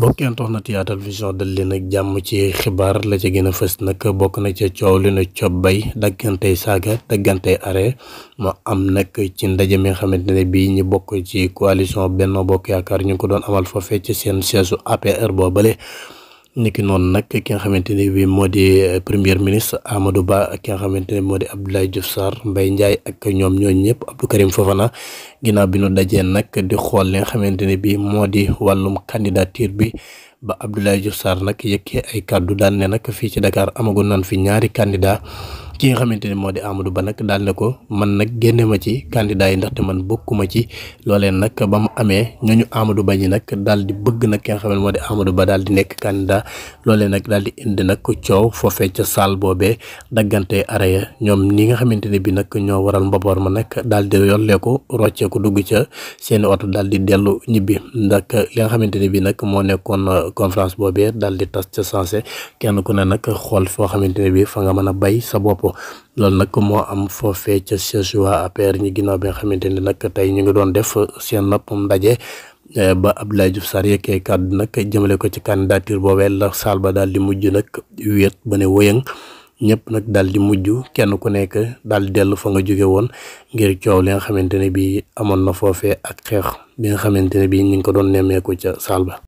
mbokk internet Yatal Vision dal leen ak jàmm ci xibaar la ca gën a fës nag bokk na ca coow li na cob bay daggantey saaga daggantey arrêt ma am nag ci ndaje mi nga xamante ne bii ñu bokk ci coalition Benno Bokk Yaakaar ñu ngi ko doon amal foo ci seen siège su APR boobale niki noonu nag ki nga xamante ni bi moo di euh, premier ministre Amadou Ba ak ki nga xamante ne moo di Abdoulaye Diouf Sarr Mbaye Ndiaye ak ñoom ñooñu ñëpp Abdou Karim Fofana ginnaaw bi nu dajee nag di xool li nga xamante ne bi moo di wàllum candidature bi ba Abdoulaye Diouf Sarr nag yëkkee ay kàddu daan ne nag fii ci Dakar amagoon nan fi ñaari candidat ki nga xamante ne moo di Amadou Ba nag daal ne ko man nag génnee ma ci candidat yi ndaxte man bokkuma ci loolee nag ba mu amee ñooñu amadu Ba ñi nag daal di bëgg nag ki nga moo di Amadou Ba daal di nekk candidat loolee nag daal di indi nag coow foofee ca saal boobee daggante araya ñoom ñi nga xamante ne bi nag ñoo waral mbaboor ma nag daal di yollee ko roccee dugg ca seeni oto daal di dellu ñibbi ndax li nga xamante ne bi nag moo nekkoon uh, conférence boobee daal di tas ca sensé kenn ku ne nag xool foo xamante ne bi fa nga mën a bay sa bopp ko loolu nag moo am foofee ca siège waa APR ñi ginnaaw bi nga xamante ni nag tey ñu ngi doon def seen noppam ndaje eh, ba ab Diouf Sarr yekkee kàddu nag jëmale ko ci candidature boobee la saal ba daal di mujj nag wéet ba ne wëyëng ñëpp nag daal di mujj kenn ku nekk daal di dellu fa nga jóge woon ngir coow li nga xamante ne bi amoon na foofee ak xeex bi nga xamante ne bi ñu ngi ko doon nemmee ko ca saal ba